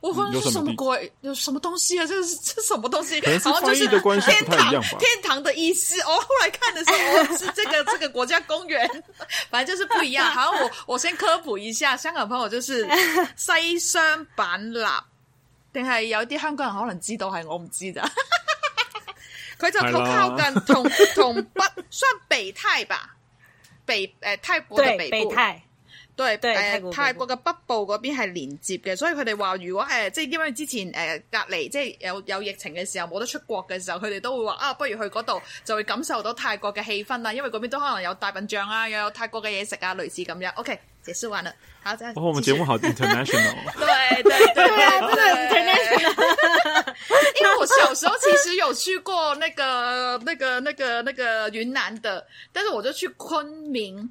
我是什麼鬼有什麼，有什麼東西啊？這是這什麼東西？然後就是天堂，天堂的意思。哦，後來看的時候我是這個 這個國家公園，反正就是不一樣。好像我我先科普一下，香港朋友就是西雙版納。等下有啲香港人可能知道還，係我唔知咋。佢就好靠近 同 同不算北泰吧，北誒、呃、泰國的北部北泰。都係誒泰國嘅北部嗰邊係連接嘅，所以佢哋話如果誒即係因為之前誒、呃、隔離即係有有疫情嘅時候冇得出國嘅時候，佢哋都會話啊，不如去嗰度就會感受到泰國嘅氣氛啦，因為嗰邊都可能有大笨象啊，又有，有泰國嘅嘢食啊，類似咁樣。OK，謝師完啦，好，哦、我們節目好 international。 對對對對對。對對 因為我小時候其實有去過那個那個那個那個那個、雲南的，但是我就去昆明。